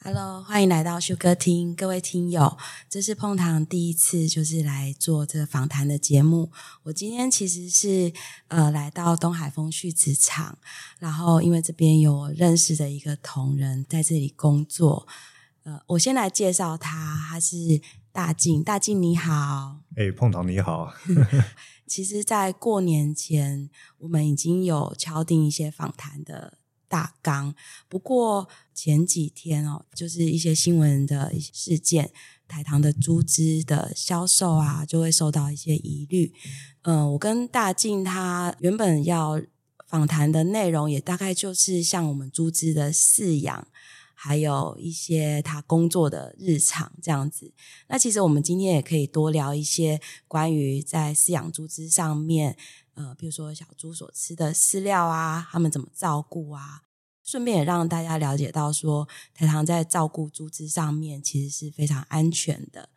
Hello，歡迎來到旭歌廳，各位聽友，這是椪糖第一次就是來做這個訪談的節目。我今天其實是呃來到東海豐畜殖場，然後因為這邊有我認識的一個同仁在這裡工作，呃，我先來介紹他，他是大靖，大靖你好，哎、欸，椪糖你好。 其實，在過年前我們已經有敲定一些訪談的。大綱。不過前幾天哦，就是一些新聞的事件，台糖的豬隻的銷售啊，就會受到一些疑慮。嗯，我跟大靖他原本要訪談的內容，也大概就是像我們豬隻的飼養，還有一些他工作的日常這樣子。那其實我們今天也可以多聊一些關於在飼養豬隻上面。呃，比如說小豬所吃的飼料啊，他們怎麼照顧啊？順便也讓大家了解到說，說台糖在照顧豬只上面其實是非常安全的。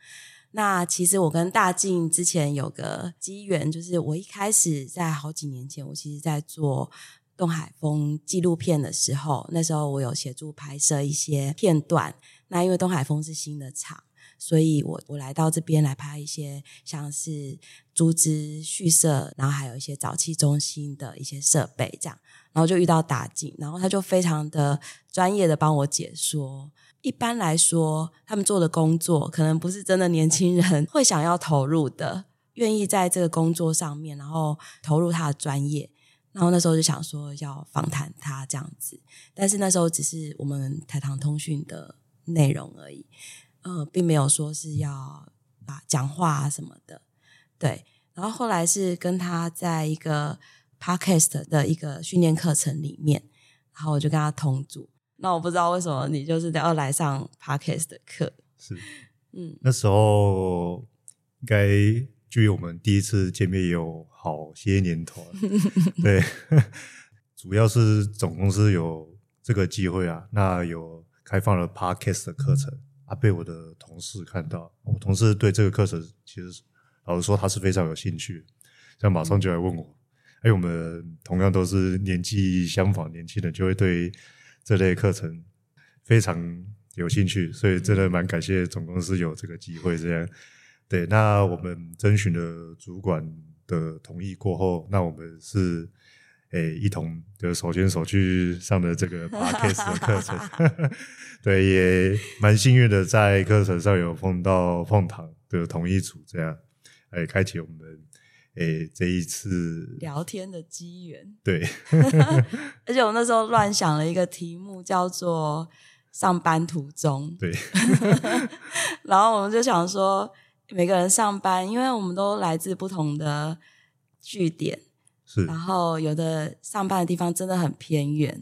那其實我跟大靖之前有個機緣，就是我一開始在好幾年前，我其實，在做東海豐紀錄片的時候，那時候我有協助拍攝一些片段。那因為東海豐是新的場。所以我我來到這邊來拍一些像是豬隻畜舍，然後還有一些早期中心的一些設備這樣，然後就遇到大靖，然後他就非常的專業的幫我解說。一般來說，他們做的工作可能不是真的年輕人會想要投入的，願意在這個工作上面，然後投入他的專業。然後那時候就想說要訪談他這樣子，但是那時候只是我們台糖通訊的內容而已。呃，並沒有說是要把講話啊什麼的，對。然後後來是跟他在一個 podcast 的一個訓練課程裡面，然後我就跟他同組。那我不知道為什麼你就是要來上 podcast 的課，是？嗯，那時候應該距離我們第一次見面有好些年頭了， 對。主要是總公司有這個機會啊，那有開放了 podcast 的課程。嗯他被我的同事看到，我同事對這個課程其實老實說，他是非常有興趣，他馬上就來問我。哎，我們同樣都是年紀相仿，年輕人就會對這類課程非常有興趣，所以真的蠻感謝總公司有這個機會這樣。對，那我們徵詢了主管的同意過後，那我們是。誒、欸，一同就手牽手去上的這個八 k c s t 的課程， 對，也蠻幸運的，在課程上有碰到鳳堂的同一組，這樣，誒、欸，開啟我們誒、欸、這一次聊天的機緣，對， 而且我那時候亂想了一個題目，叫做上班途中，對， 然後我們就想說，每個人上班，因為我們都來自不同的據點。是然後有的上班的地方真的很偏遠，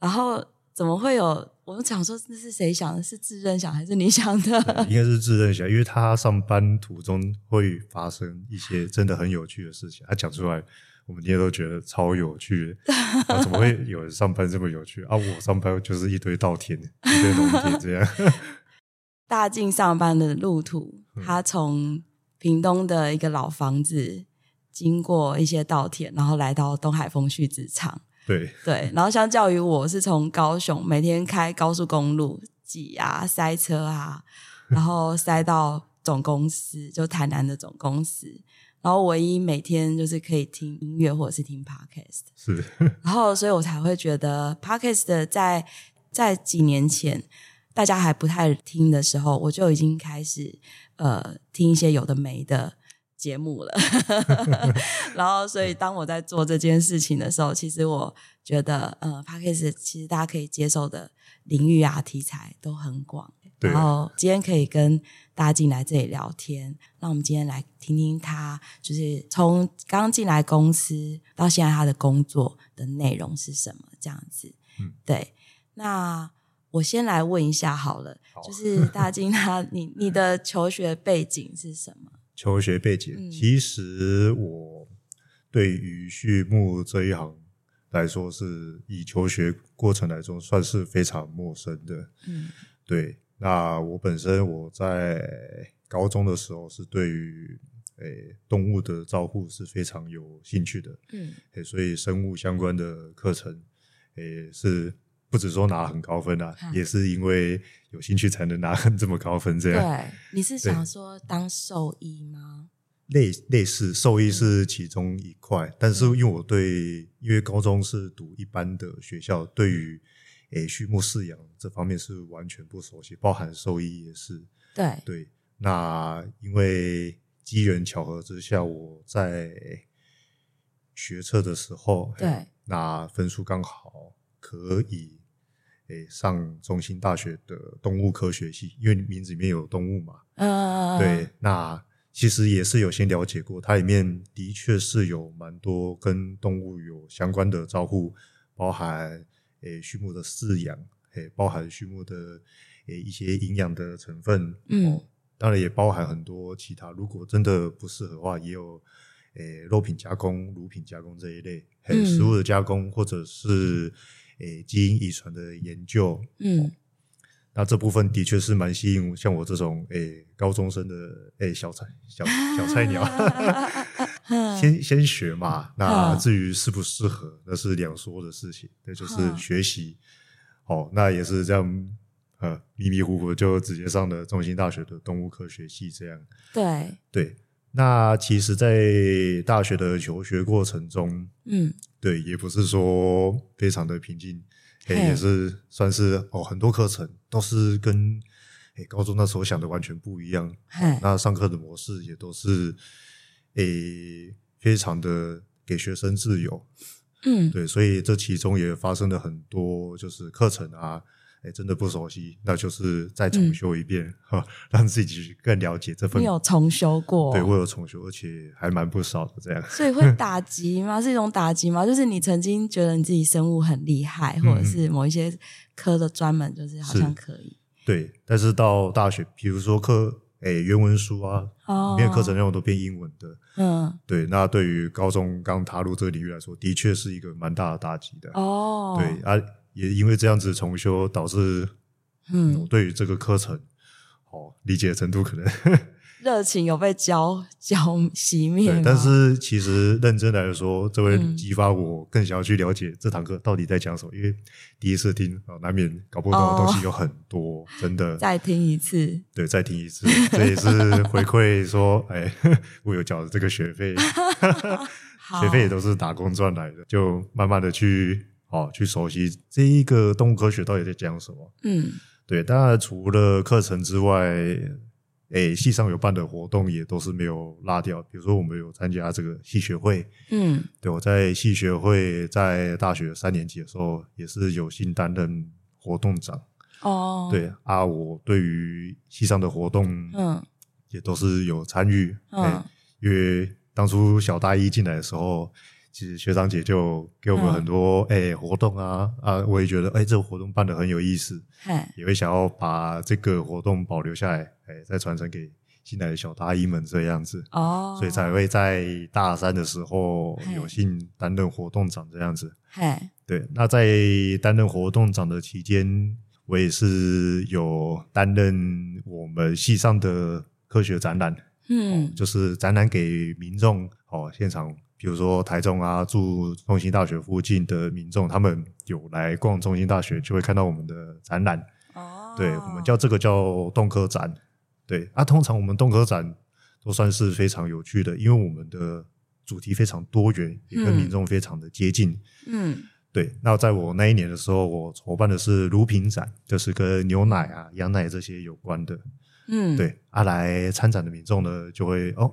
然後怎麼會有？我們講說這是誰想的？是自認想還是你想的？應該是自認想，因為他上班途中會發生一些真的很有趣的事情，他、啊、講出來，我們今天都覺得超有趣的、 啊。怎麼會有人上班這麼有趣啊？我上班就是一堆稻田、 一堆農田這樣。呵呵，大靖上班的路途，嗯，他從屏東的一個老房子，經過一些稻田，然後來到東海豐畜殖場。對對，然後相較於我是從高雄每天開高速公路擠啊塞車啊，然後塞到總公司， 就台南的總公司。然後唯一每天就是可以聽音樂或者是聽 podcast。是。 然後，所以我才會覺得 podcast 在在幾年前大家還不太聽的時候，我就已經開始呃聽一些有的沒的。節目了 然後所以當我在做這件事情的時候，其實我覺得，呃 Podcast 其實大家可以接受的領域啊、題材都很廣。對。然後今天可以跟大靖來這裡聊天，那我們今天來聽聽他，就是從剛進來公司到現在他的工作的內容是什麼這樣子、嗯。對。那我先來問一下好了，好 就是大靖他，你你的求學背景是什麼？求學背景、嗯，其實我對於畜牧這一行來說，是以求學過程來說算是非常陌生的。嗯，對。那我本身我在高中的時候是對於誒、欸、動物的照顧是非常有興趣的。嗯，欸、所以生物相關的課程誒、欸、是。不只說拿很高分啊，啊，也是因為有興趣才能拿這麼高分。這樣，對，你是想說當獸醫嗎？類類似獸醫是其中一塊，但是因為我對，因為高中是讀一般的學校，對於誒畜牧飼養這方面是完全不熟悉，包含獸醫也是。對對，那因為機緣巧合之下，我在學測的時候，對、哎、那分數剛好。可以、欸，上中興大學的動物科學系，因為名字裡面有動物嘛。Uh, 對，那其實也是有先了解過，它裡面的確是有蠻多跟動物有相關的招呼、欸欸，包含畜牧的飼養，包含畜牧的一些營養的成分、嗯。當然也包含很多其他，如果真的不適合的話，也有、欸、肉品加工、乳品加工這一類，欸嗯、食物的加工或者是。哎、基因遺傳的研究，嗯，那這部分的確是蠻吸引像我這種誒、哎、高中生的誒、哎、小菜小小菜鳥， 先先學嘛。那至於適不適合，那是兩說的事情。那、嗯、就是學習，好、嗯哦、那也是這樣，呃，迷迷糊糊就直接上了中興大學的動物科學系，這樣。對對，那其實，在大學的求學過程中，嗯。對，也不是說非常的平靜，哎、Hey. 欸，也是算是哦，很多課程都是跟、欸、高中那時候想的完全不一樣，Hey. 那上課的模式也都是哎、欸、非常的給學生自由，嗯，對，所以這其中也發生了很多就是課程啊。真的不熟悉，那就是再重修一遍哈、嗯，讓自己更了解這份。你有重修過？對，我有重修，而且還蠻不少的這樣。所以會打擊嗎？ 是一種打擊嗎？就是你曾經覺得你自己生物很厲害，嗯、或者是某一些科的專門，就是好像可以。對，但是到大學，比如說科，誒，原文書啊，哦、裡面課程內容都變英文的。嗯。對，那對於高中剛踏入這個領域來說，的確是一個蠻大的打擊的。哦。對啊。也因為這樣子重修，導致嗯、哦，對於這個課程哦，理解的程度可能熱情有被澆澆熄滅。對，但是其實認真來說，這會激發我更想要去了解這堂課到底在講什麼，嗯、因為第一次聽啊、哦，難免搞不懂的東西有很多、哦，真的。再聽一次，對，再聽一次，這也是回饋說， 哎，我有繳這個學費， 學費也都是打工賺來的，就慢慢的去。好、哦，去熟悉這一個動物科學到底在講什麼。嗯，對。當然，除了課程之外，誒，系上有辦的活動也都是沒有落掉。比如說，我們有參加這個系學會。嗯，對。我在系學會在大學三年級的時候，也是有幸擔任活動長。哦。對，啊，我對於系上的活動，嗯，也都是有參與。嗯。因為當初小大一進來的時候。其實學長姐就給我們很多誒、嗯哎、活動啊啊，我也覺得哎這個活動辦得很有意思，也會想要把這個活動保留下來，哎、再傳承給新來的小大一們這樣子哦，所以才會在大三的時候有幸擔任活動長這樣子，對，那在擔任活動長的期間，我也是有擔任我們系上的科學展覽，嗯，哦、就是展覽給民眾哦現場。比如說台中啊，住中興大學附近的民眾，他們有來逛中興大學，就會看到我們的展覽。哦、oh.，對我們叫這個叫動科展。對，啊，通常我們動科展都算是非常有趣的，因為我們的主題非常多元，嗯、也跟民眾非常的接近。嗯，對。那在我那一年的時候，我籌辦的是乳品展，就是跟牛奶啊、羊奶這些有關的。嗯，對。啊，來參展的民眾呢，就會哦。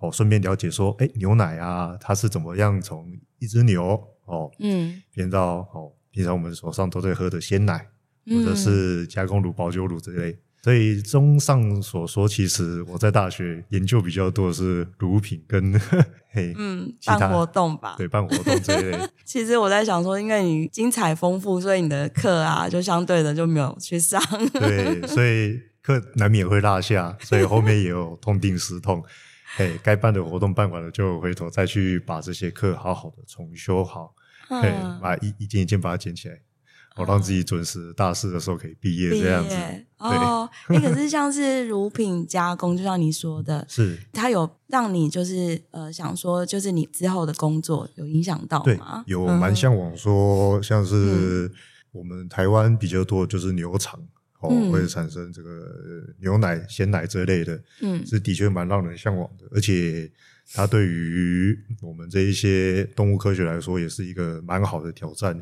哦，順便了解說，誒、欸、牛奶啊，它是怎麼樣從一隻牛哦，嗯，變到哦，平常我們手上都在喝的鮮奶、嗯，或者是加工乳、保久乳之類。所以，綜上所說，其實我在大學研究比較多的是乳品跟呵呵、欸、嗯，辦活動吧，對，辦活動之類。 其實我在想說，因為你精彩豐富，所以你的課啊， 就相對的就沒有去上。對，所以課難免會落下，所以後面也有痛定思痛。 嘿，該辦的活動辦完了，就回頭再去把這些課好好的重修好，嘿、嗯，hey，把一,一件一件把它撿起來，我、嗯、讓自己準時大四的時候可以畢業這樣子。對哦，那、欸、可是像是乳品加工， 就像你說的，嗯、是它有讓你就是呃，想說就是你之後的工作有影響到對嗎？對有蠻嚮往說、嗯、像是我們台灣比較多就是牛場。哦，會產生這個、嗯、牛奶、鮮奶之類的，嗯，是的確蠻讓人向往的。嗯、而且，它對於我們這一些動物科學來說，也是一個蠻好的挑戰。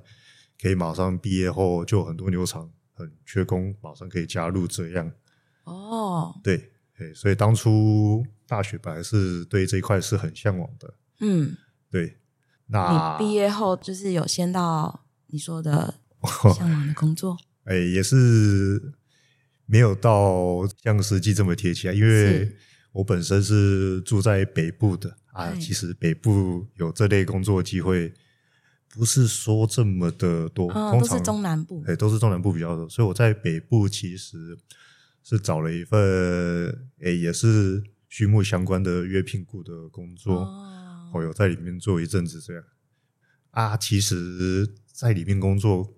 可以馬上畢業後，就很多牛場很缺工，馬上可以加入這樣。哦，對，所以當初大學本來是對這一塊是很向往的。嗯，對。那你畢業後就是有先到你說的向往的工作。 哎、欸，也是沒有到像實際這麼貼切，啊，因為我本身是住在北部的啊。其實北部有這類工作機會，不是說這麼的多，哦、通常都是中南部，哎、欸，都是中南部比較多。所以我在北部其實是找了一份哎、欸，也是畜牧相關的約聘雇的工作，我、哦哦、有在裡面做一陣子，這樣啊。其實，在裡面工作。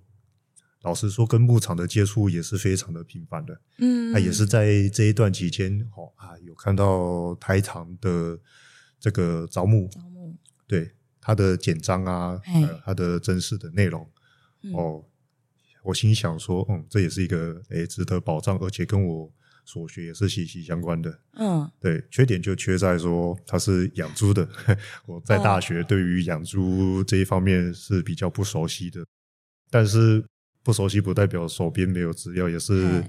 老實說，跟牧場的接觸也是非常的頻繁的。嗯，嗯，嗯，他、啊、也是在這一段期間，哦啊，有看到台糖的這個招募，招募對他的簡章啊，還有他的真實的內容、嗯。哦，我心想說，嗯，這也是一個誒、欸、值得保障，而且跟我所學也是息息相關的。嗯，對，缺點就缺在說他是養豬的， 我在大學對於養豬這一方面是比較不熟悉的，但是。不熟悉不代表手邊沒有資料，也是誒、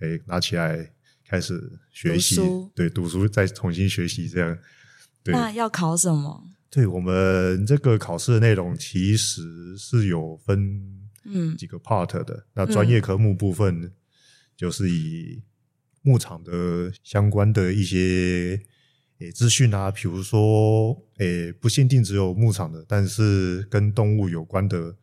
欸，拿起來開始學習，對，讀書再重新學習這樣。對，那要考什麼？對我們這個考試的內容其實是有分嗯幾個 part 的、嗯。那專業科目部分就是以牧場的相關的一些、嗯、誒資訊啊，比如說誒不限定只有牧場的，但是跟動物有關的。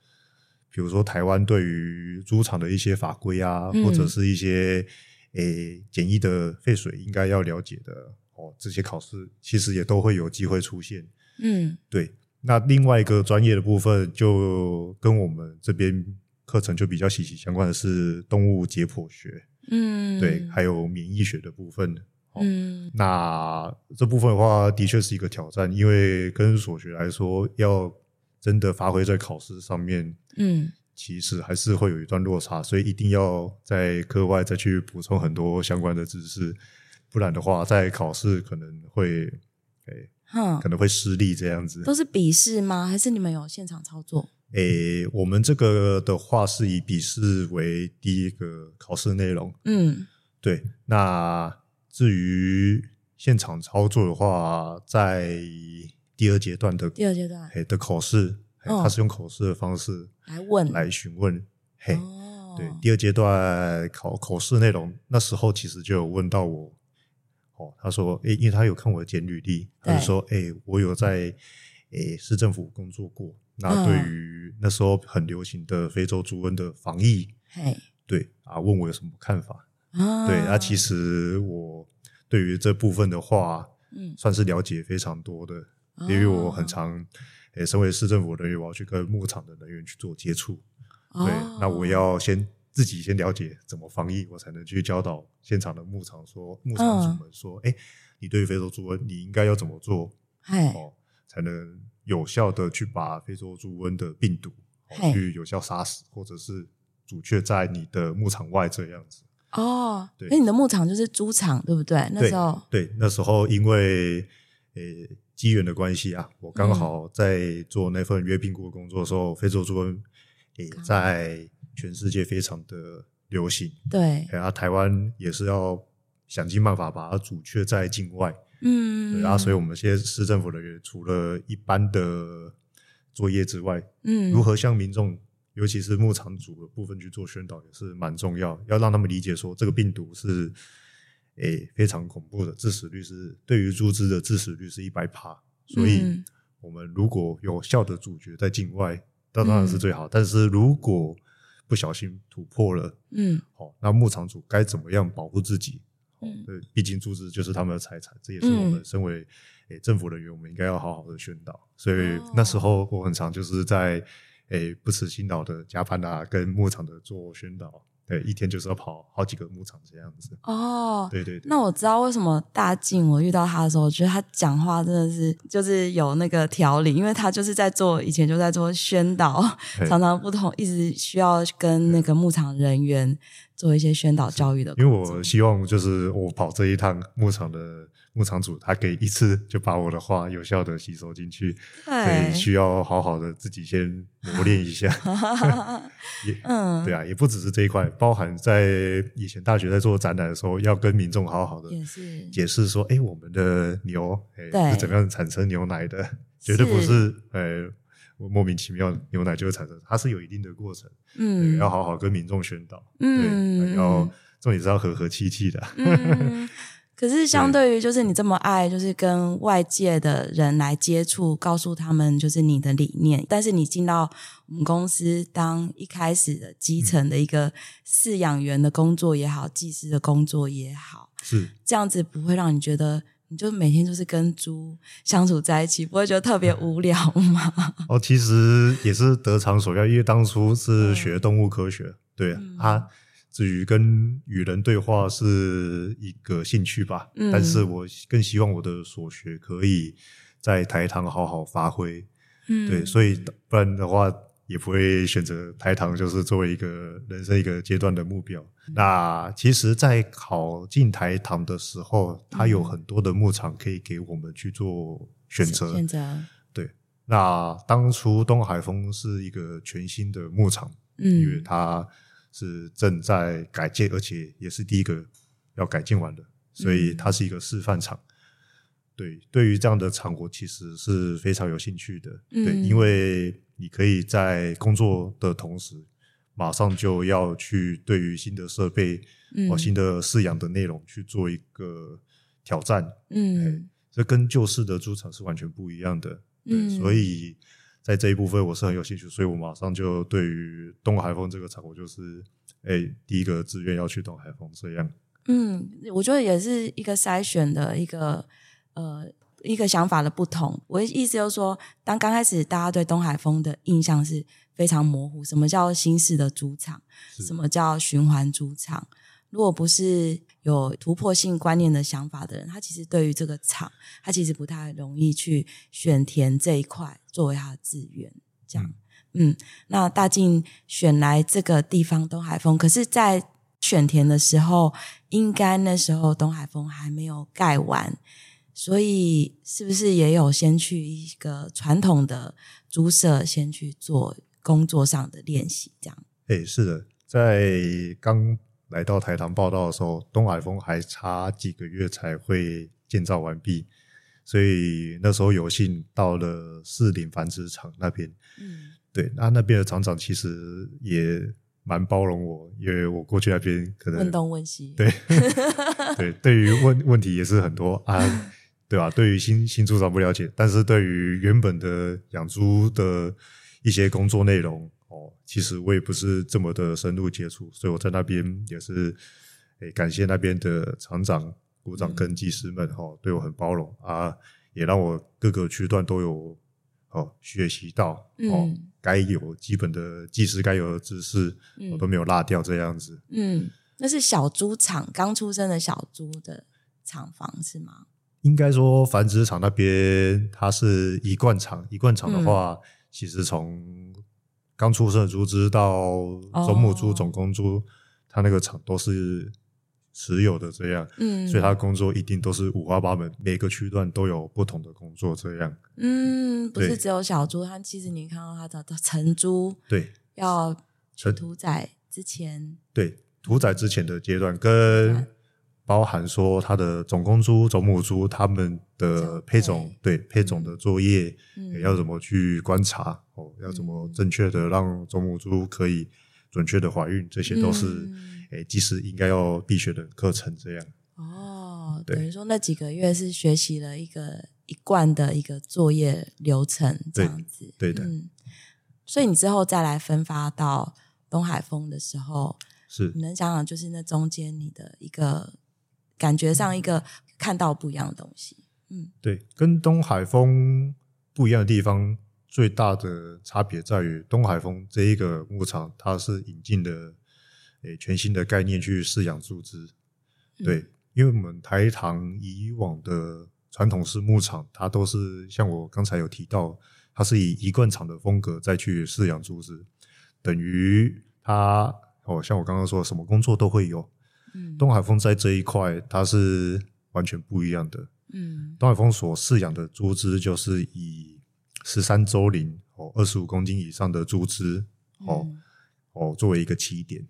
比如說，台灣對於豬場的一些法規啊，嗯、或者是一些誒、欸、簡易的廢水，應該要了解的哦。這些考試其實也都會有機會出現。嗯，對。那另外一個專業的部分，就跟我們這邊課程就比較息息相關的是動物解剖學。嗯，對，還有免疫學的部分。哦、嗯，那這部分的話，的確是一個挑戰，因為跟所學來說要。真的發揮在考試上面，嗯，其實還是會有一段落差，所以一定要在課外再去補充很多相關的知識，不然的話，在考試可能會，誒，哈，可能會失利這樣子。都是筆試嗎？還是你們有現場操作？誒、欸，我們這個的話是以筆試為第一個考試內容，嗯，對。那至於現場操作的話，在。第二階段的第二階段，嘿，的考試，哦，他是用考試的方式來問來詢問，嘿，對，第二階段考考試內容，那時候其實就有問到我，哦，他說，誒、欸，因為他有看我的簡歷，他就說，誒、欸，我有在誒、欸、市政府工作過，那對於那時候很流行的非洲豬瘟的防疫，嘿，對啊，問我有什麼看法？哦，對，那其實我對於這部分的話，嗯，算是了解非常多的。因為我很常，誒、oh. 欸、身為市政府的人員，我要去跟牧場的人員去做接觸，oh. 對，那我要先自己先了解怎麼防疫，我才能去教導現場的牧場說，牧場主們說，誒、oh. 欸、你對於非洲豬瘟，你應該要怎麼做？哦、hey. 喔，才能有效的去把非洲豬瘟的病毒、喔、去有效殺死，hey. 或者是阻卻在你的牧場外這樣子。哦、oh.，那、欸、你的牧場就是豬場對不對，對？那時候對，對，那時候因為，誒、欸機緣的關係啊，我剛好在做那份約聘僱的工作的時候，嗯、非洲豬瘟也在全世界非常的流行。對，啊，台灣也是要想盡辦法把它阻卻在境外。嗯，對啊，所以我們現在市政府的人，除了一般的作業之外，嗯，如何向民眾，尤其是牧場主的部分去做宣導，也是蠻重要，要讓他們理解說這個病毒是。誒，非常恐怖的致死率是，對於豬隻的致死率是一百趴，所以、嗯、我們如果有效的阻絕在境外，那當然是最好、嗯。但是如果不小心突破了，嗯，好、哦，那牧場主該怎麼樣保護自己？嗯，畢竟豬隻就是他們的財產，這也是我們身為、嗯、誒政府人員，我們應該要好好的宣導。所以、哦、那時候我很常就是在誒不辭辛勞的加班啊，跟牧場的做宣導。對，一天就是要跑好幾個牧場這樣子。哦，對對對。那我知道為什麼大靖，我遇到他的時候，我覺得他講話真的是就是有那個條理，因為他就是在做，以前就在做宣導，常常不同，一直需要跟那個牧場人員。做一些宣導教育的，因為我希望就是我跑這一趟牧場的牧場主，他可以一次就把我的話有效的吸收進去，所以、欸、需要好好的自己先磨練一下。 也、嗯、對啊，也不只是這一塊，包含在以前大學在做展覽的時候，要跟民眾好好的解釋，說，哎、欸，我們的牛、欸、是怎麼樣產生牛奶的，絕對不是，是、欸我莫名其妙，牛奶就會產生，它是有一定的過程，嗯，要好好跟民眾宣導，嗯，然後重點是要和和氣氣的，嗯。可是相對於就是你這麼愛，就是跟外界的人來接觸，告訴他們就是你的理念，但是你進到我們公司當一開始的基層的一個飼養員的工作也好，技師的工作也好，是這樣子不會讓你覺得。你就每天就是跟豬相處在一起，不會覺得特別無聊嗎？嗯、哦，其實也是得償所願，因為當初是學動物科學，okay. 對、嗯、啊。至於跟與人對話是一個興趣吧、嗯，但是我更希望我的所學可以在台糖好好發揮。嗯，對，所以不然的話。也不會選擇台糖，就是作為一個人生一個階段的目標。嗯、那其實，在考進台糖的時候，它、嗯、有很多的牧場可以給我們去做選擇。選擇、啊、對。那當初東海豐是一個全新的牧場，嗯，因為它是正在改建，而且也是第一個要改建完的，所以它是一個示範場、嗯。對，對於這樣的場國，其實是非常有興趣的。嗯、對因為。你可以在工作的同時，馬上就要去對於新的設備和、嗯哦、新的飼養的內容去做一個挑戰。嗯，這、欸、跟舊式的豬場是完全不一樣的。嗯，所以在這一部分我是很有興趣，所以我馬上就對於東海豐這個場，我就是哎、欸、第一個志願要去東海豐。這樣。嗯，我覺得也是一個篩選的一個呃。一個想法的不同，我的意思就是說，當剛開始大家對東海豐的印象是非常模糊，什麼叫新式的豬場，什麼叫循環豬場？如果不是有突破性觀念的想法的人，他其實對於這個場，他其實不太容易去選填這一塊作為他的志願。這樣嗯，嗯，那大靖選來這個地方東海豐，可是，在選填的時候，應該那時候東海豐還沒有蓋完。所以是不是也有先去一個傳統的豬舍，先去做工作上的練習？這樣誒、欸，是的，在剛來到台糖報到的時候，東海豐還差幾個月才會建造完畢，所以那時候有幸到了四嶺繁殖場那邊。嗯，對，那那邊的廠長其實也蠻包容我，因為我過去那邊可能問東問西，對 對，對於問問題也是很多啊。 對吧？對於新新豬場不了解，但是對於原本的養豬的一些工作內容哦，其實我也不是這麼的深入接觸，所以我在那邊也是、欸、感謝那邊的廠長、股長跟技師們哦，對我很包容啊，也讓我各個區段都有哦學習到哦、嗯，該有基本的技師該有的知識，我、哦、都沒有落掉這樣子。嗯，嗯，那是小豬廠剛出生的小豬的廠房是嗎？應該說，繁殖場那邊，它是一貫場，一貫場的話、嗯，其實從剛出生的豬隻到種母豬、哦、種公豬，它那個場都是持有的這樣。嗯，所以它工作一定都是五花八門，每個區段都有不同的工作這樣。嗯，不是只有小豬，它其實你看到它的成豬，對，要成屠、屠、屠宰之前，對屠宰之前的階段跟。包含說他的種公豬、種母豬，他們的配種，對，對配種的作業、嗯，要怎麼去觀察、嗯哦、要怎麼正確的讓種母豬可以準確的懷孕？這些都是、嗯、即使應該要必學的課程這樣。哦，等於說那幾個月是學習了一個一貫的一個作業流程這樣子。對，對的、嗯。所以你之後再來分發到東海豐的時候，是，你能講講就是那中間你的一個。感覺上一個看到不一樣的東西，嗯，對，跟東海豐不一樣的地方，最大的差別在於東海豐這一個牧場，它是引進的誒全新的概念去飼養豬隻。對、嗯，因為我們台糖以往的傳統式牧場，它都是像我剛才有提到，它是以一貫廠的風格再去飼養豬隻，等於它哦，像我剛剛說，什麼工作都會有。東海豐在這一塊，它是完全不一樣的。嗯，東海豐所飼養的豬隻就是以十三週齡哦，二十五公斤以上的豬隻、嗯、哦哦作為一個起點。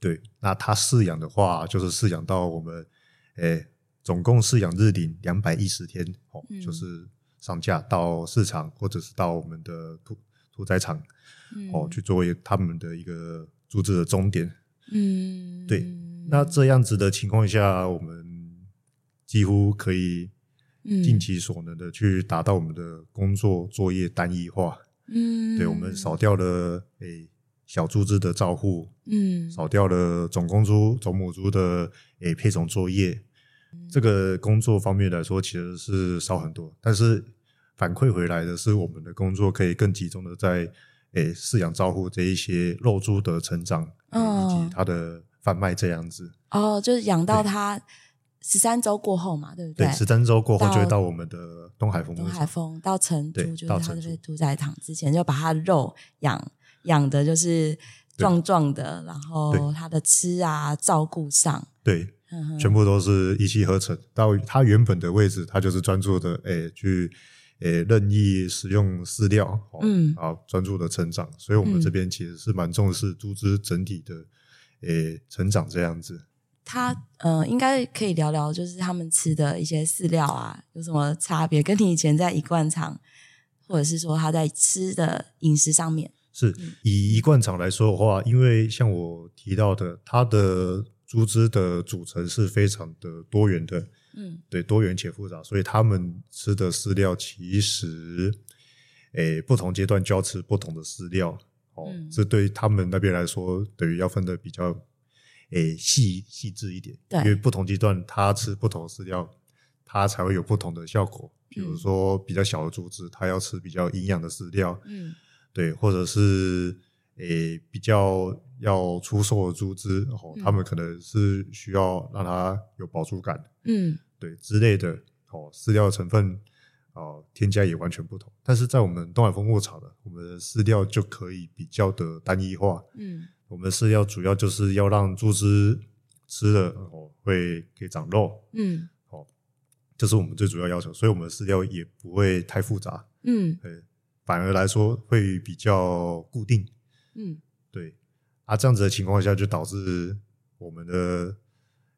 對，那它飼養的話，就是飼養到我們誒、欸，總共飼養日齡兩百一十天哦、嗯，就是上架到市場或者是到我們的屠屠宰場、嗯、哦，去作為他們的一個豬隻的終點。嗯，對。那這樣子的情況下，我們幾乎可以盡其所能的去達到我們的工作作業單一化。嗯，對，我們少掉了誒、欸、小豬隻的照護，嗯，少掉了種公豬、種母豬的誒、欸、配種作業。這個工作方面來說，其實是少很多。但是反饋回來的是，我們的工作可以更集中的在誒飼養照護這一些肉豬的成長、哦嗯、以及它的。販賣這樣子哦，就是養到它十三周過後嘛，對，對不對？十三周過後就會到我們的東海豐。東海豐到成豬，就是他在屠宰場之前，就把他肉養養的就是壯壯的，然後他的吃啊照顧上，對呵呵，全部都是一氣呵成。到他原本的位置，他就是專注的，哎、欸，去，哎、欸，任意使用飼料，嗯，啊，專注的成長。所以，我們這邊其實是蠻重視豬只整體的。嗯誒、欸，成長這樣子，他呃應該可以聊聊，就是他們吃的一些飼料啊，有什麼差別？跟你以前在一貫場，或者是說他在吃的飲食上面，是、嗯、以一貫場來說的話，因為像我提到的，它的豬只的組成是非常的多元的，嗯，對，多元且複雜，所以他們吃的飼料其實，誒、欸，不同階段就要吃不同的飼料。嗯、哦，這對他們那邊來說，等於要分得比較，誒細細緻一點對，因為不同階段它吃不同飼料，它才會有不同的效果。嗯、比如說，比較小的豬隻，它要吃比較營養的飼料，嗯，對，或者是誒、欸、比較要出售的豬隻，哦、嗯，他們可能是需要讓它有飽足感，嗯，對之類的，哦，飼料成分。哦，添加也完全不同。但是在我們東海豐牧場的，我們的飼料就可以比較的單一化。嗯，我們飼料主要就是要讓豬只吃了哦，會可以長肉。嗯，哦，這、就是我們最主要要求，所以我們的飼料也不會太複雜。嗯、呃，反而來說會比較固定。嗯，對，啊，這樣子的情況下就導致我們的、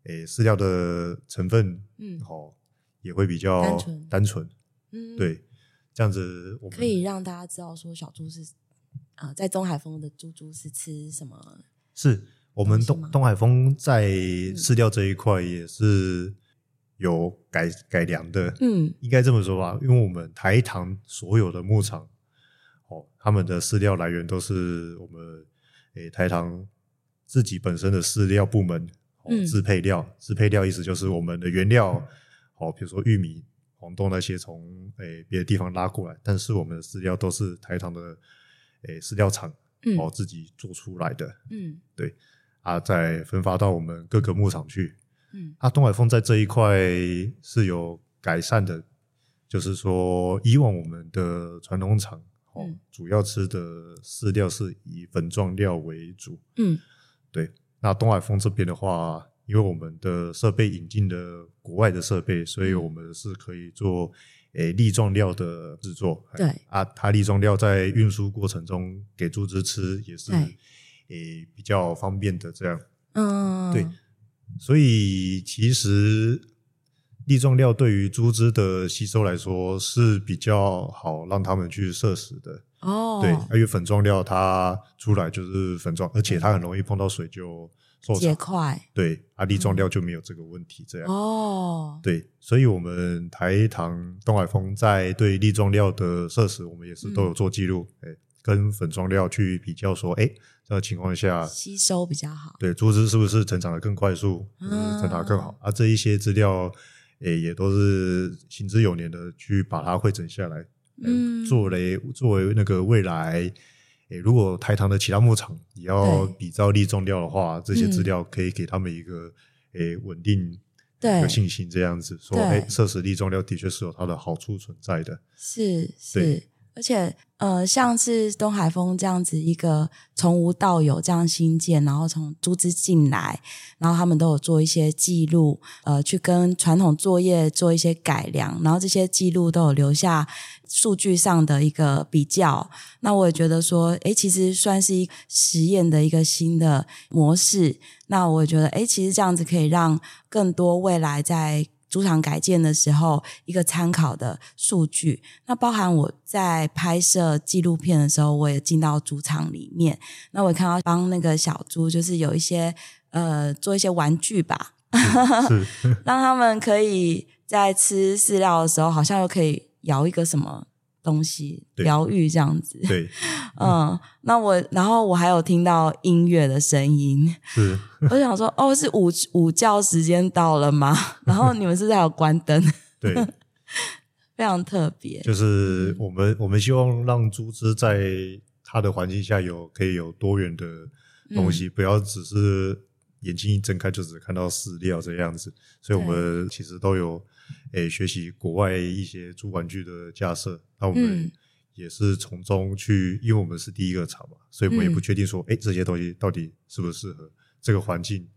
欸、飼料的成分，嗯，哦，也會比較單純。單嗯、對，這樣子我們可以讓大家知道說小，小豬是啊，在東海豐的豬豬是吃什麼？是我們東東海豐在飼料這一塊也是有改、嗯、改良的，嗯，應該這麼說吧，因為我們台糖所有的牧場哦，他們的飼料來源都是我們誒、欸、台糖自己本身的飼料部門、哦嗯，自配料，自配料意思就是我們的原料、嗯、哦，比如說玉米。黃豆那些從誒別的地方拉過來，但是我們的飼料都是台糖的誒飼、欸、料廠、嗯、哦自己做出來的，嗯，對啊，再分發到我們各個牧場去，嗯，啊，東海豐在這一塊是有改善的，就是說以往我們的傳統廠哦、嗯、主要吃的飼料是以粉狀料為主，嗯，對，那東海豐這邊的話。因為我們的設備引進了國外的設備，所以我們是可以做誒粒狀料的制作。對啊，它粒狀料在運輸過程中給豬隻吃也是誒比較方便的。這樣，嗯，對。所以其實粒狀料對於豬隻的吸收來說是比較好，讓他們去攝食的。哦，對，因為粉狀料它出來就是粉狀，而且它很容易碰到水就，做結塊，對，啊、嗯，粒狀料就沒有這個問題，這樣哦，對，所以，我們台糖東海豐在對粒狀料的設施，我們也是都有做記錄、嗯欸，跟粉狀料去比較，說，哎、欸，這個情況下吸收比較好，對，豬隻是不是成長得更快速，嗯，成長得更好啊，啊，這一些資料，哎、欸，也都是行之有年的，去把它彙整下來，嗯，嗯作為作為那個未來，誒、欸，如果台糖的其他牧場也要比照立重料的話，這些資料可以給他們一個誒穩、嗯欸、定、對信心這樣子，說誒，設、欸、施立重料的確是有它的好處存在的，是是。是對而且，呃，像是東海豐這樣子一個從無到有這樣新建，然後從豬隻進來，然後他們都有做一些記錄，呃，去跟傳統作業做一些改良，然後這些記錄都有留下數據上的一個比較。那我也覺得說，誒、欸，其實算是一個實驗的一個新的模式。那我也覺得，誒、欸，其實這樣子可以讓更多未來在。豬場改建的時候，一個參考的數據。那包含我在拍攝紀錄片的時候，我也進到豬場裡面。那我也看到幫那個小豬，就是有一些呃做一些玩具吧， 讓他們可以在吃飼料的時候，好像又可以搖一個什麼。東西療癒這樣子對。嗯，嗯，那我然後我還有聽到音樂的聲音，是， 我想說，哦，是午午覺時間到了嗎？然後你們是不是還有關燈， 對， 非常特別。就是我們、嗯、我們希望讓豬隻在它的環境下有可以有多元的東西，嗯、不要只是。眼睛一睜開就只看到飼料這樣子，所以我們其實都有誒、欸、學習國外一些豬玩具的架設，那我們也是從中去、嗯，因為我們是第一個廠嘛，所以我們也不確定說誒、嗯、欸、這些東西到底適不適合這個環境，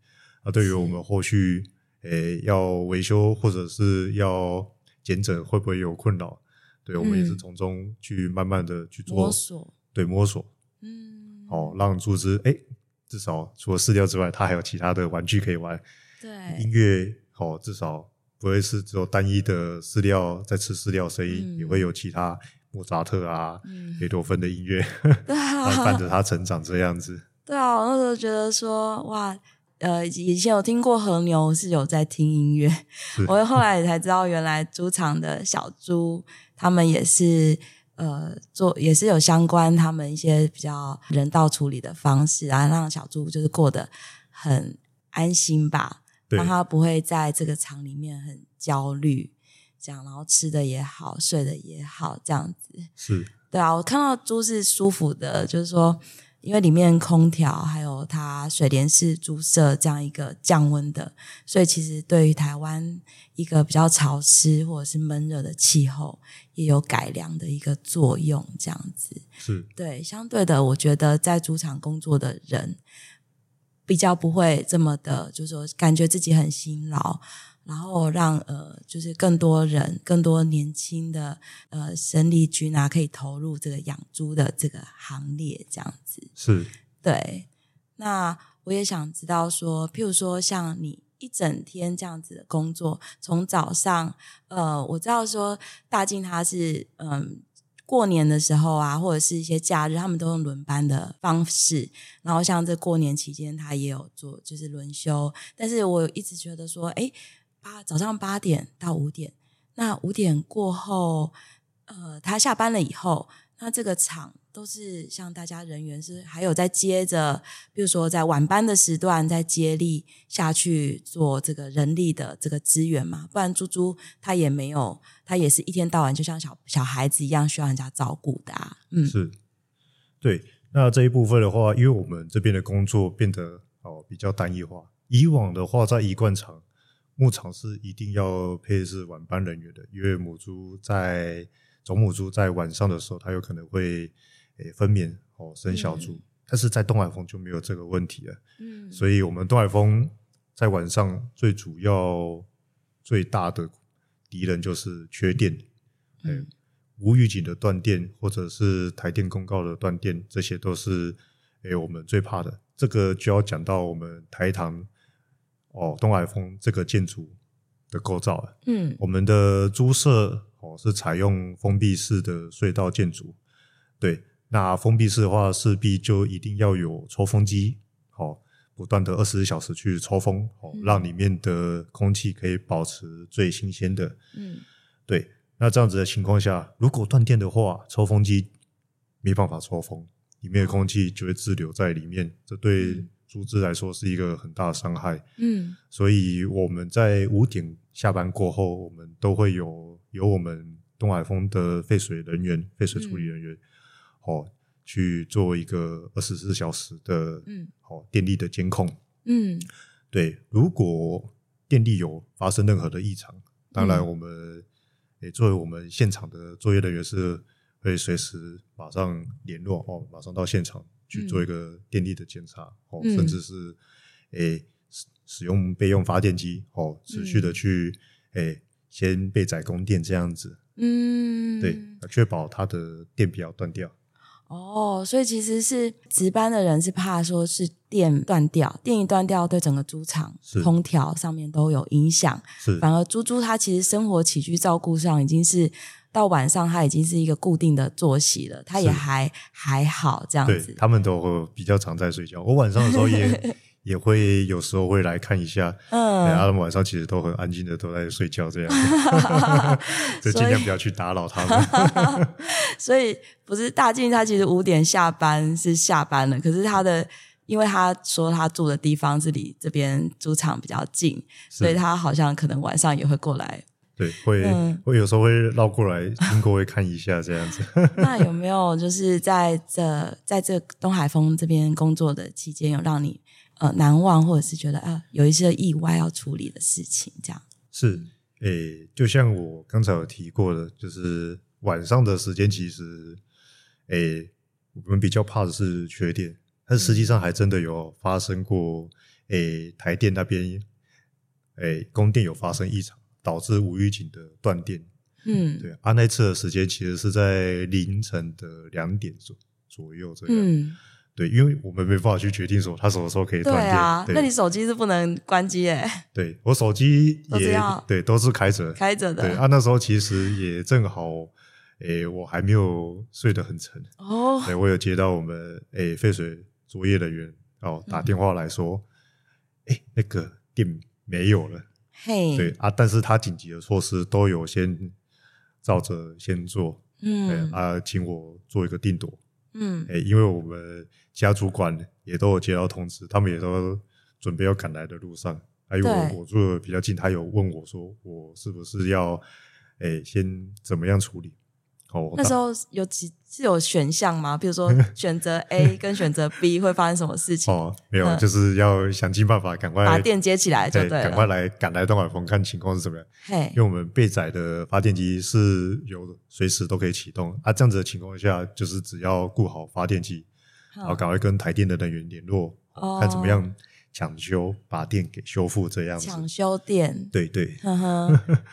那對於我們後續誒、欸、要維修或者是要檢整會不會有困擾？對、嗯、我們也是從中去慢慢的去做摸索，對摸索，嗯，好，讓豬只誒。欸至少除了飼料之外，他還有其他的玩具可以玩。對，音樂哦，至少不會是只有單一的飼料在吃飼料，所以、嗯、也會有其他莫扎特啊、貝、嗯、多芬的音樂，啊、 伴着他成長這樣子。對啊，我那時候覺得說哇，呃，以前有聽過和牛是有在聽音樂，我後來才知道原來豬場的小豬他們也是。呃，做也是有相關他們一些比較人道處理的方式、啊，然後讓小豬就是過得很安心吧，對，讓他不會在這個場裡面很焦慮，這樣，然後吃的也好，睡的也好，這樣子是，對啊，我看到豬是舒服的，就是說。因為裡面空調還有它水簾式豬舍這樣一個降溫的，所以其實對於台灣一個比較潮濕或者是悶熱的氣候，也有改良的一個作用，這樣子。是，對，相對的，我覺得在豬場工作的人，比較不會這麼的，就是說感覺自己很辛勞。然後讓呃，就是更多人，更多年輕的呃生力軍啊，可以投入這個養豬的這個行列，這樣子是。對，那我也想知道說，譬如說像你一整天這樣子的工作，從早上呃，我知道說大靖他是嗯，呃，過年的時候啊，或者是一些假日，他們都用輪班的方式。然後像這過年期間，他也有做，就是輪休。但是我有一直覺得說，哎。八早上八點到五點，那五點過後，呃，他下班了以後，那這個場都是像大家人員是還有在接着，比如說在晚班的時段在接力下去做這個人力的這個資源嘛，不然豬豬他也沒有，他也是一天到晚就像小小孩子一樣需要人家照顧的，啊。嗯，是對。那這一部分的話，因為我們這邊的工作變得哦比較單一化，以往的話在一貫場。牧場是一定要配置晚班人員的，因為母豬在種母豬在晚上的時候，它有可能會誒、欸、分娩哦生小豬、嗯，但是在東海豐就沒有這個問題了。嗯，所以我們東海豐在晚上最主要最大的敵人就是缺電，嗯欸、無預警的斷電或者是台電公告的斷電，這些都是誒、欸、我們最怕的。這個就要講到我們台糖。哦，東海豐這個建築的構造，嗯，我們的豬舍哦是採用封閉式的隧道建築，對，那封閉式的話勢必就一定要有抽風機，哦，不斷的二十四小時去抽風，哦，讓裡面的空氣可以保持最新鮮的，嗯，對，那這樣子的情況下，如果斷電的話，抽風機沒辦法抽風，裡面的空氣就會滯留在裡面，這對、嗯，數字來說是一個很大的傷害，嗯，所以我們在五點下班過後，我們都會有有我們東海豐的廢水人員、廢水處理人員，嗯、哦，去做一個二十四小時的，嗯、哦，電力的監控，嗯，對，如果電力有發生任何的異常，當然我們、嗯、也作為我們現場的作業人員是會隨時馬上聯絡哦，馬上到現場。去做一個電力的檢查、嗯哦，甚至是、欸、使用備用發電機、哦，持續的去、嗯欸、先備載供電這樣子。嗯，對，確保它的電表斷掉。哦，所以其實是值班的人是怕說是電斷掉，電一斷掉對整個豬場空調上面都有影響。反而豬豬它其實生活起居照顧上已經是。到晚上他已經是一個固定的作息了，他也還還好這樣子。對，他們都會比較常在睡覺。我晚上的時候也 也會有時候會來看一下，嗯、 哎，他們晚上其實都很安靜的都在睡覺這樣， 所以盡量不要去打擾他們。所以， 所以不是大靖他其實五點下班是下班了，可是他的因為他說他住的地方是離這邊豬場比較近，所以他好像可能晚上也會過來。對，會、嗯、會有時候會繞過來經過會看一下這樣子、嗯。啊、 那有沒有就是在這在這東海豐這邊工作的期間，有讓你呃難忘，或者是覺得啊有一些意外要處理的事情？這樣是誒、欸，就像我剛才有提過的、嗯，就是晚上的時間，其實誒、欸、我們比較怕的是缺電，但實際上還真的有發生過誒、欸、台電那邊誒供電有發生異常。導致無預警的斷電，嗯，對，啊，那次的時間其實是在凌晨的兩點左左右這樣，嗯，對，因為我們沒辦法去決定說他什麼時候可以斷電，對啊，對，那你手機是不能關機？哎、欸，對，我手機也都，對，都是開着開着的，對，啊，那時候其實也正好，哎、欸，我還沒有睡得很沉哦，哎，我有接到我們哎廢、欸、水作業的人員哦打電話來說，哎、嗯欸，那個電沒有了。嘿、hey，對啊，但是他緊急的措施都有先照着先做，嗯、欸，啊，請我做一個定奪，嗯、欸，因為我們家主管也都有接到通知，嗯，他們也都準備要趕來的路上，還、欸、有我我住的比較近，他有問我說我是不是要哎、欸、先怎麼樣處理？那時候有幾是有選項嗎？比如說選擇 A 跟選擇 B 會發生什麼事情？ 哦，沒有，就是要想盡辦法趕快把電接起來。對，趕快來趕來東海豐看情況是怎麼樣。因為我們備載的發電機是有隨時都可以啟動，啊，這樣子的情況下，就是只要顧好發電機，嗯，然後趕快跟台電的人員聯絡，哦，看怎麼樣搶修把電給修復，這樣子搶修電，對，對對，呵呵。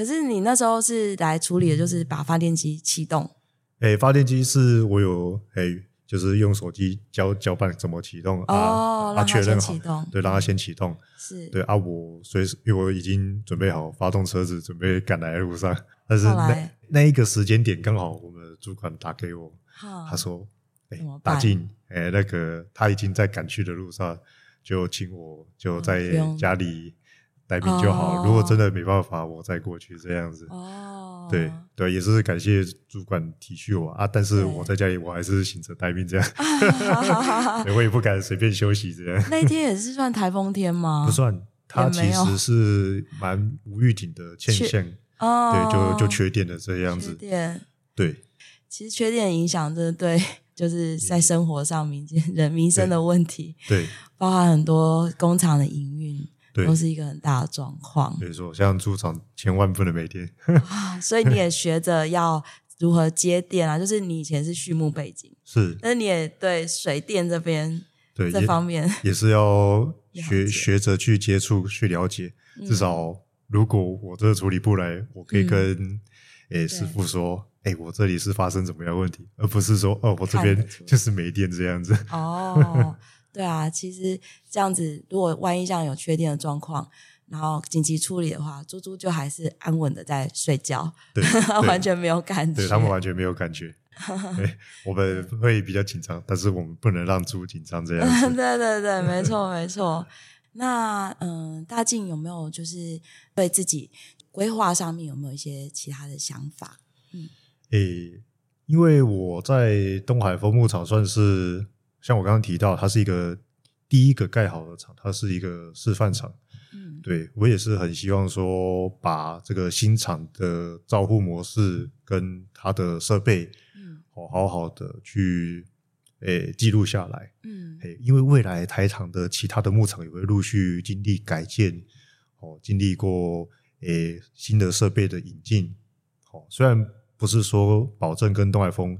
可是你那時候是來處理的，就是把發電機啟動。哎、欸，發電機是我有哎、欸，就是用手機交交辦怎麼啟動、哦、啊讓他啟動，確認好，對，讓他先啟動。是，對啊，我隨時，我已經準備好發動車子，準備趕來的路上。但是那那一個時間點，剛好我們主管打給我，他說，哎、欸，大靖，哎、欸，那個他已經在趕去的路上，就請我就在家裡。待命就好。Oh, 如果真的沒辦法，我再過去這樣子。Oh. 對對，也是感謝主管體恤我啊。但是我在家裡，我還是選擇待命這樣、oh. 我也不敢隨便休息這樣。 那天也是算台風天嗎？不算，它其實是蠻無預警的現象。對，就就缺電的這樣子缺電。對。其實缺電影響真的對，就是在生活上民間人民生的問題。對，對包含很多工廠的營運。都是一個很大的狀況。沒錯，像豬場千萬不能沒電。所以你也學着要如何接電啊，就是你以前是畜牧背景，是，那你也對水電這邊對，這方面也，也是要學，學着去接觸去了解，嗯。至少如果我這個處理不來，我可以跟誒、嗯欸、師傅說，哎、欸，我這裡是發生什麼樣的問題，而不是說哦，我這邊就是沒電這樣子。呵呵哦。對啊，其實這樣子，如果萬一這樣有缺電的狀況，然後緊急處理的話，豬豬就還是安穩的在睡覺，對對呵呵，完全沒有感覺，對。對，他們完全沒有感覺、 欸。我們會比較緊張，但是我們不能讓豬緊張這樣 嗯、對對對，沒錯沒錯。 那嗯，大靖有沒有就是對自己規劃上面有沒有一些其他的想法？嗯，誒、欸，因為我在東海豐牧場算是。像我剛剛提到，它是一個第一個蓋好的廠，它是一個示範廠，嗯。對我也是很希望說，把這個新廠的照護模式跟它的設備，哦，好好的去、嗯、誒記錄下來。嗯，誒，因為未來台廠的其他的牧場也會陸續經歷改建，哦，經歷過誒新的設備的引進。哦，雖然不是說保證跟東海豐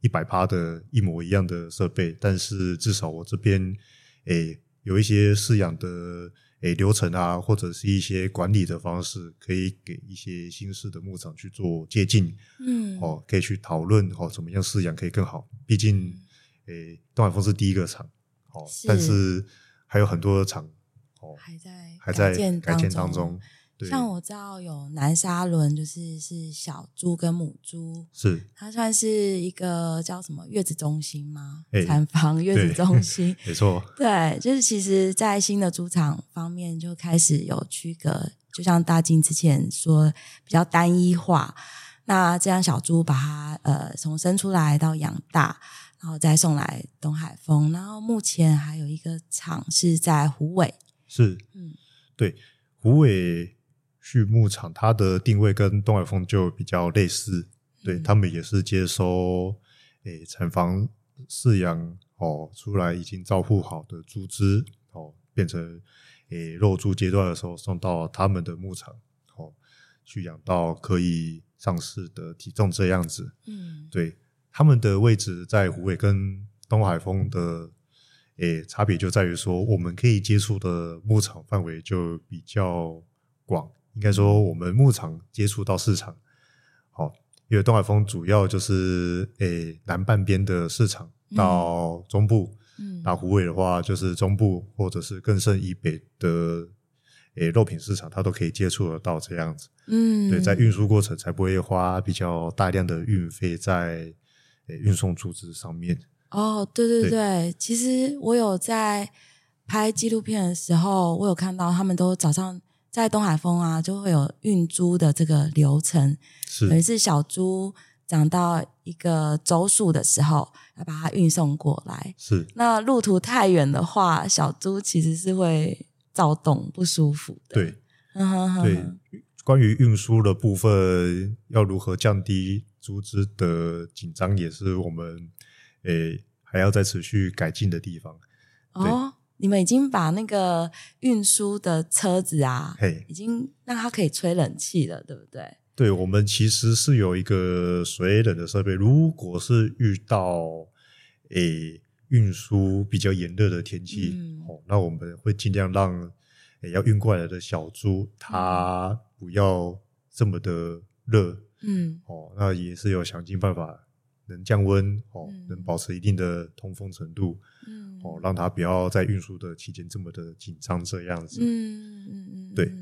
一百趴的一模一樣的設備，但是至少我這邊，誒、欸，有一些飼養的誒、欸、流程啊，或者是一些管理的方式，可以給一些新式的牧場去做接近，嗯，哦，可以去討論哦，怎麼樣飼養可以更好？畢竟，誒、嗯欸，東海豐是第一個廠，哦，但是還有很多廠，哦，還在還在改建當中。對，像我知道有南沙崙，就是是小豬跟母豬，是它算是一個叫什麼月子中心嗎？產、欸、房月子中心，沒錯，對，就是其實，在新的豬場方面就開始有區隔，就像大靖之前說比較單一化，那這樣小豬把它呃從生出來到養大，然後再送來東海豐。然後目前還有一個廠是在虎尾，是嗯對虎尾。去牧場，它的定位跟東海豐就比較類似，對、嗯、他們也是接收誒產、欸、房飼養哦出來已經照顧好的豬隻哦，變成誒、欸、肉豬階段的時候送到他們的牧場哦，去養到可以上市的體重這樣子。嗯，對，他們的位置在虎尾，跟東海豐的誒、嗯、欸、差別就在於說，我們可以接觸的牧場範圍就比較廣。應該說，我們牧場接觸到市場、哦，因為東海豐主要就是、欸、南半邊的市場到中部，打、嗯、虎、嗯、尾的話就是中部或者是更勝以北的、欸、肉品市場，它都可以接觸得到這樣子。嗯、對，在運輸過程才不會花比較大量的運費在運、欸、送組織上面。哦，對對對，對其實我有在拍紀錄片的時候，我有看到他們都早上。在東海豐啊，就會有運豬的這個流程，等於是小豬長到一個周數的時候，要把它運送過來。是，那路途太遠的話，小豬其實是會躁動不舒服的。對，呵呵呵對。關於運輸的部分，要如何降低豬只的緊張，也是我們誒還要再持續改進的地方。哦。你們已經把那個運輸的車子啊，hey, 已經讓它可以吹冷氣了，對不對？對，我們其實是有一個水冷的設備。如果是遇到誒、欸、運輸比較炎熱的天氣，mm-hmm. 哦、那我們會盡量讓、欸、要運過來的小豬它不要這麼的熱，嗯、mm-hmm.，哦，那也是有想盡辦法能降溫，哦，mm-hmm. 能保持一定的通風程度，嗯、mm-hmm.。哦，讓他不要在運輸的期間這麼的緊張這樣子。嗯嗯嗯，對。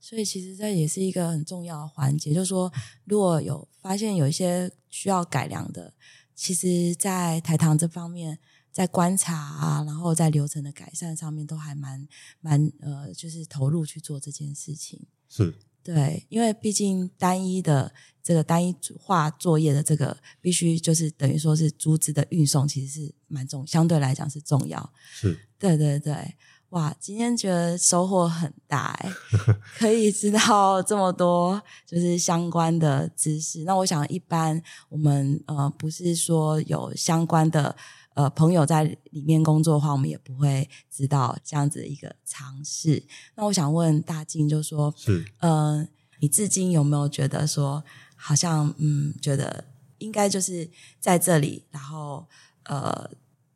所以其實這也是一個很重要的環節，就是說，如果有發現有一些需要改良的，其實，在台糖這方面，在觀察啊，然後在流程的改善上面，都還蠻蠻呃，就是投入去做這件事情。是。對，因為畢竟單一的這個單一化作業的這個必須就是等於說是物資的運送，其實是蠻重，相對來講是重要。是，對對對，哇，今天覺得收穫很大、欸、 可以知道這麼多就是相關的知識。那我想，一般我們呃不是說有相關的。呃，朋友在裡面工作的話，我們也不會知道這樣子一個嘗試。那我想問大靖，就說，是，呃，你至今有沒有覺得說，好像，嗯，覺得應該就是在這裡，然後，呃，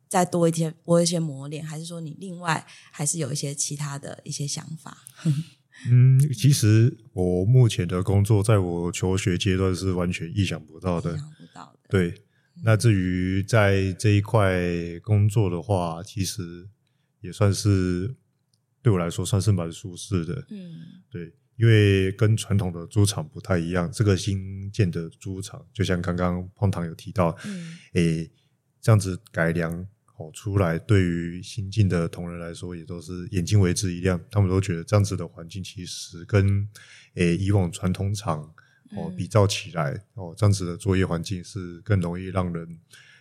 再多一些，多一些磨練，還是說你另外還是有一些其他的一些想法？ 嗯，其實我目前的工作，在我求學階段是完全意想不到的，意想不到的，對。那至於在這一塊工作的話，其實也算是對我來說算是蠻舒適的。嗯，對，因為跟傳統的豬場不太一樣，這個新建的豬場，就像剛剛椪糖有提到、嗯，誒，這樣子改良好出來，對於新進的同仁來說，也都是眼睛為之一亮，他們都覺得這樣子的環境其實跟誒以往傳統場。哦，比照起來，哦，這樣子的作業環境是更容易讓人誒、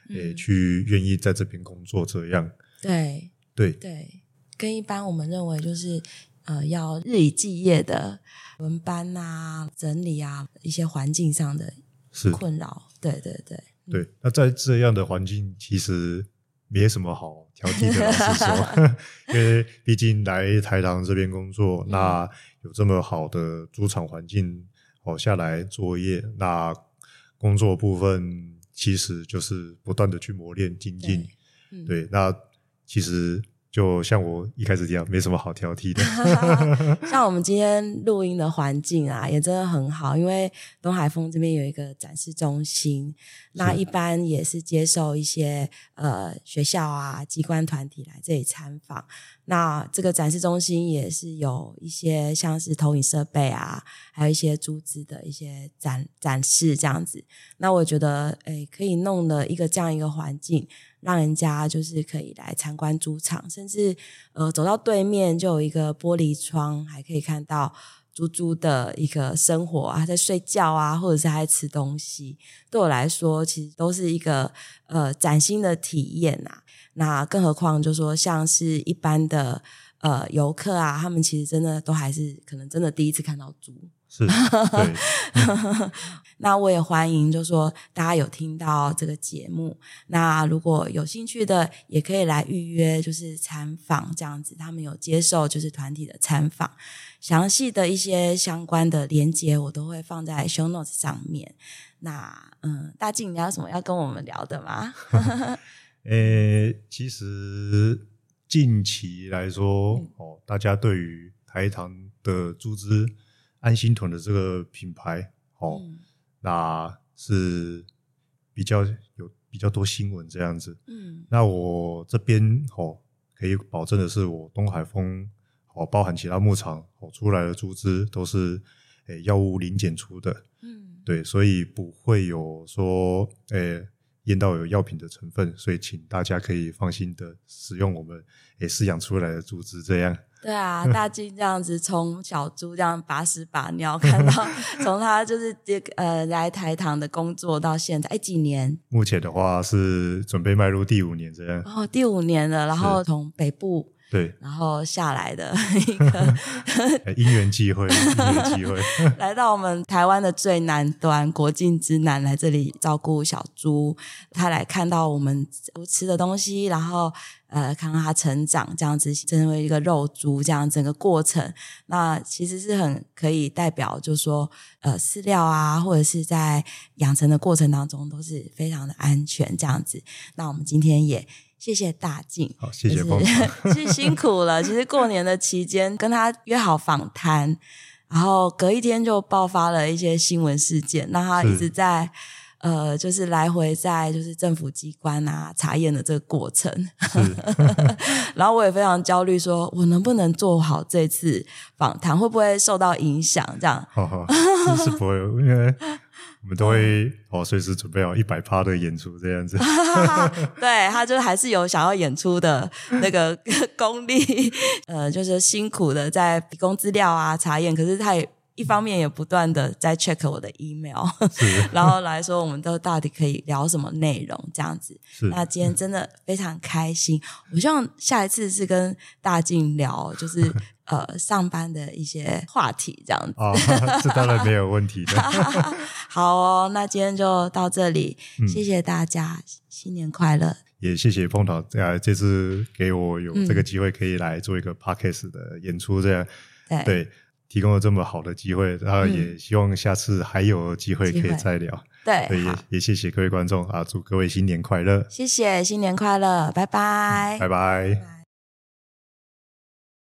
嗯欸、去願意在這邊工作。這樣，對，對，對，跟一般我們認為就是呃，要日以繼夜的輪班啊、整理啊一些環境上的困擾。是對，對，對，對，對，對。那在這樣的環境，其實沒什麼好挑剔的老實說， 因為畢竟來台糖這邊工作、嗯，那有這麼好的豬場環境。跑、哦、下來作業，那工作部分其實就是不斷的去磨練、精進。對，對嗯、那其實。就像我一開始這樣，沒什麼好挑剔的 像我們今天錄音的環境啊，也真的很好，因為東海豐這邊有一個展示中心，那一般也是接受一些呃學校啊、機關團體來這裡參訪。那這個展示中心也是有一些像是投影設備啊，還有一些豬隻的一些展展示這樣子。那我覺得，誒、欸，可以弄的一個這樣一個環境。讓人家就是可以來參觀豬場，甚至呃走到對面就有一個玻璃窗，還可以看到豬豬的一個生活啊，在睡覺啊，或者是還在吃東西。對我來說，其實都是一個呃嶄新的體驗啊。那更何況，就說像是一般的呃遊客啊，他們其實真的都還是可能真的第一次看到豬。是，對嗯、 那我也歡迎，就是說大家有聽到這個節目，那如果有興趣的，也可以來預約，就是參訪這樣子。他們有接受就是團體的參訪，詳細的一些相關的連接，我都會放在 show notes 上面。那嗯，大靖你還有什麼要跟我們聊的嗎？呃、 欸，其實近期來說，哦、嗯，大家對於台糖的注資。安心豚的這個品牌，哦、嗯，那是比較有比較多新聞這樣子。嗯，那我這邊哦，可以保證的是，我東海豐哦，包含其他牧場哦，出來的豬只都是誒藥物零檢出的。嗯，對，所以不會有說誒驗到有藥品的成分，所以請大家可以放心的使用我們誒飼養出來的豬只這樣。對啊，大靖這樣子從小豬這樣把屎把尿，看到從他就是呃來台糖的工作到現在，哎、欸、幾年？目前的話是準備邁入第五年這樣，哦，第五年了，然後從北部對，然後下來的一個、 欸、因緣際會，機會 來到我們台灣的最南端，國境之南，來這裡照顧小豬，他來看到我們吃的東西，然後。呃，看看它成長這樣子，成為一個肉豬這樣整個過程，那其實是很可以代表，就是說，呃，飼料啊，或者是在養成的過程當中，都是非常的安全這樣子。那我們今天也謝謝大靖，好，謝謝是其實辛苦了。 其實過年的期間跟他約好訪談，然後隔一天就爆發了一些新聞事件，那他一直在。呃，就是來回在就是政府機關啊查驗的這個過程， 然後我也非常焦慮說，說我能不能做好這次訪談，會不會受到影響？這樣，哈、哦、哈，是不會， 因為我們都會、嗯、哦隨時準備好一百趴的演出這樣子。 對，他就還是有想要演出的那個功力，呃，就是辛苦的在提供資料啊查驗，可是他也。一方面也不斷的在 check 我的 email，的然後來說我們都到底可以聊什麼內容這樣子。那今天真的非常開心，我希望下一次是跟大靖聊，就是 呃，上班的一些話題這樣子。哦，是當然沒有問題的。 好哦，那今天就到這裡，謝謝大家，嗯、新年快樂！也謝謝椪糖，這次給我有這個機會可以來做一個 podcast 的演出這樣。嗯、對。對提供了這麼好的機會，然後，啊，嗯，也希望下次還有機會可以再聊。對，所以也也謝謝各位觀眾啊，祝各位新年快樂！謝謝，新年快樂，拜拜，嗯，拜拜。拜拜。